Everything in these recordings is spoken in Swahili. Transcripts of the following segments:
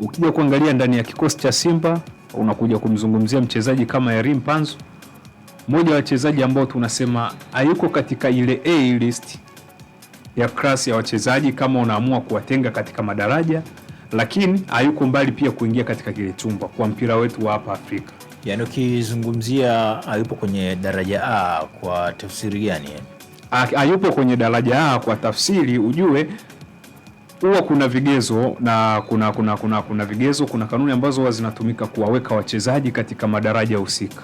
Ukija kuangalia ndani ya kikosi cha Simba unakuja kumzungumzia mchezaji kama Yarim Panzu, mmoja wa wachezaji ambao tunasema hayuko katika ile A list ya klasi ya wachezaji kama unaamua kuwatenga katika madaraja, lakini hayuko mbali pia kuingia katika kile chumba kwa mpira wetu wa hapa Afrika. Yani ukizungumzia hayupo kwenye daraja A kwa tafsiri gani? Hayupo kwenye daraja A kwa tafsiri, ujue huwa kuna vigezo na kuna kuna kuna kuna vigezo, kuna kanuni ambazo huwa zinatumika kuwaweka wachezaji katika madaraja husika.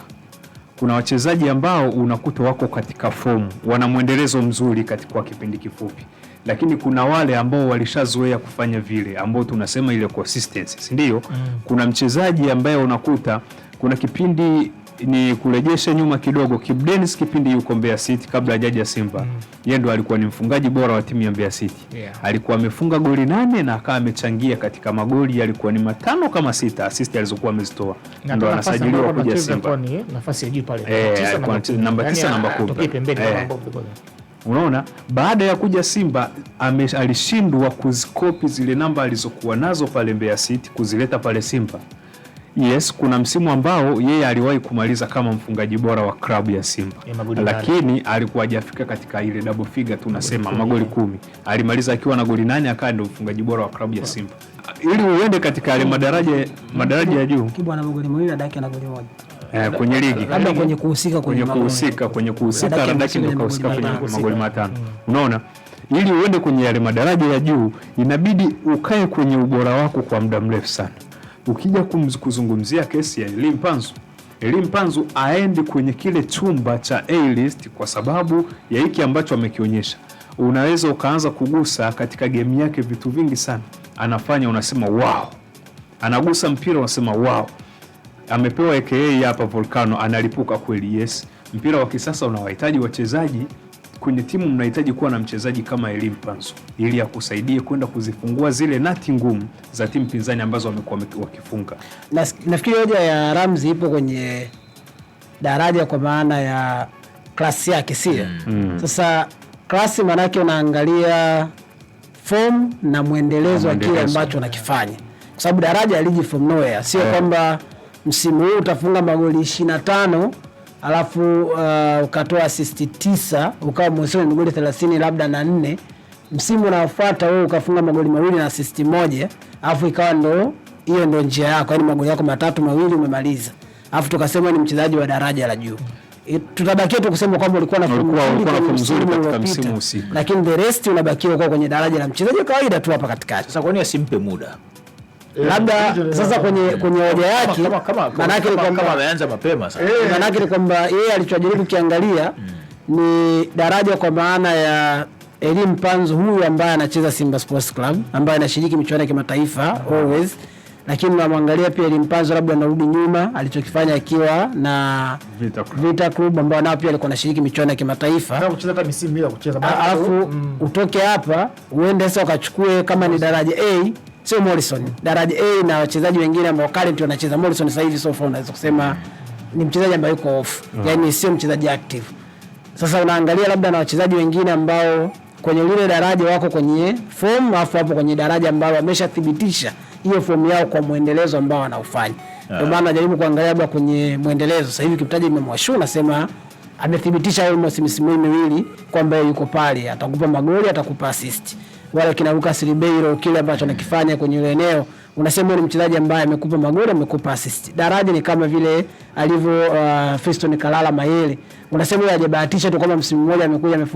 Kuna wachezaji ambao unakuta wako katika fomu, wana mwendelezo mzuri kwa kipindi kifupi, lakini kuna wale ambao walishazoea kufanya vile, ambao tunasema ile consistency, si ndio? Mm. Kuna mchezaji ambaye unakuta kuna kipindi ni kurejesha nyuma kidogo, Kibu Denis kipindi yuko Mbeya City kabla hajaja Simba, mm. yeye ndo alikuwa ni mfungaji bora wa timu ya Mbeya City yeah. alikuwa amefunga goli nane na akawa amechangia katika magoli yalikuwa ni matano kama sita, assist alizokuwa amezitoa, ndo anasajiliwa kuja Simba eh, nafasi ya juu pale eh, namba 9 namba 10 yaani eh. Unaona, baada ya kuja Simba alishindwa kuzikopi zile namba alizokuwa nazo pale Mbeya City kuzileta pale Simba. Yes, kuna msimu ambao yeye aliwahi kumaliza kama mfungaji bora wa klabu ya Simba ya lakini alikuwa hajafika katika ile double figure, tunasema magoli kumi. Alimaliza akiwa na goli nane, akawa ndio mfungaji bora wa klabu ya Simba. Ili uende katika yale madaraja madaraja ya juu, Kibwa ana magoli mawili, Dadaki ana goli moja eh, kwenye ligi, labda kwenye kuhusika, kwenye kuhusika, kwenye kuhusika, Dadaki ndio kuhusika kwenye magoli matano. Mm. Unaona, ili uende kwenye yale madaraja ya juu, inabidi ukae kwenye ubora wako kwa muda mrefu sana. Ukija kuzungumzia kesi ya Elie Mpanzu, Elie Mpanzu aende kwenye kile chumba cha A-list kwa sababu ya hiki ambacho amekionyesha. Unaweza ukaanza kugusa katika game yake vitu vingi sana anafanya, unasema wow, anagusa mpira unasema wow, amepewa AKA hapa Volcano, analipuka kweli. Yes, mpira wa kisasa unawahitaji wachezaji kwenye timu mnahitaji kuwa na mchezaji kama Elim panzo ili akusaidie kwenda kuzifungua zile nati ngumu za timu pinzani ambazo wamekuwa wakifunga. Nafikiri hoja ya Ramzi ipo kwenye daraja kwa maana ya klasi yake, sio mm. mm. Sasa klasi maanake unaangalia form na mwendelezo wa kile ambacho unakifanya, kwa sababu daraja aliji from nowhere, sio yeah. kwamba msimu huu utafunga magoli 25 alafu uh, ukatoa asisti tisa ukawa mwesoni ni goli 30 labda na nne. Msimu unaofuata wewe ukafunga magoli mawili na asisti moja, alafu ikawa ndo hiyo ndo njia yako, yani magoli yako matatu mawili umemaliza, alafu tukasema ni mchezaji wa daraja la juu. Tutabakia tu kusema kwamba ulikuwa na fomu nzuri katika msimu husika, lakini the rest unabakia kwa kwenye daraja la mchezaji kawaida tu hapa katikati. Sasa kwa nini asimpe muda? Eh, labda sasa kwenye kwenye hoja yake manake ni kwamba ameanza mapema sana, eh, manake ni kwamba yeye alichojaribu kiangalia hmm. ni daraja kwa maana ya elimu Panzu huyu ambaye anacheza Simba Sports Club ambaye anashiriki michuano ya kimataifa always, lakini namwangalia pia elimu Panzu labda anarudi nyuma alichokifanya akiwa na Vita Club, Vita Club ambao nao pia alikuwa anashiriki michuano ya kimataifa alafu mm. utoke hapa uende sasa ukachukue kama ni daraja A sio Morrison, daraja A na wachezaji wengine ambao current wanacheza. Morrison sasa hivi so far unaweza kusema ni mchezaji ambaye yuko off, mm. yani sio mchezaji active. Sasa unaangalia labda na wachezaji wengine ambao kwenye lile daraja wako kwenye form, afu hapo kwenye daraja ambao wameshathibitisha hiyo form yao kwa mwendelezo ambao wanaufanya. Ndio maana najaribu kuangalia labda kwenye mwendelezo. Sasa hivi kimtaji mmemwashu, nasema amethibitisha almost misimu miwili kwamba yuko pale, atakupa magoli, atakupa assist wala kina Lucas Ribeiro, kile ambacho anakifanya kwenye ile eneo, unasema ni mchezaji ambaye amekupa magoli, amekupa assist. Daraja ni kama vile alivyo uh, Fiston Kalala Mayele, unasema yeye hajabahatisha tu kwamba msimu mmoja amekuja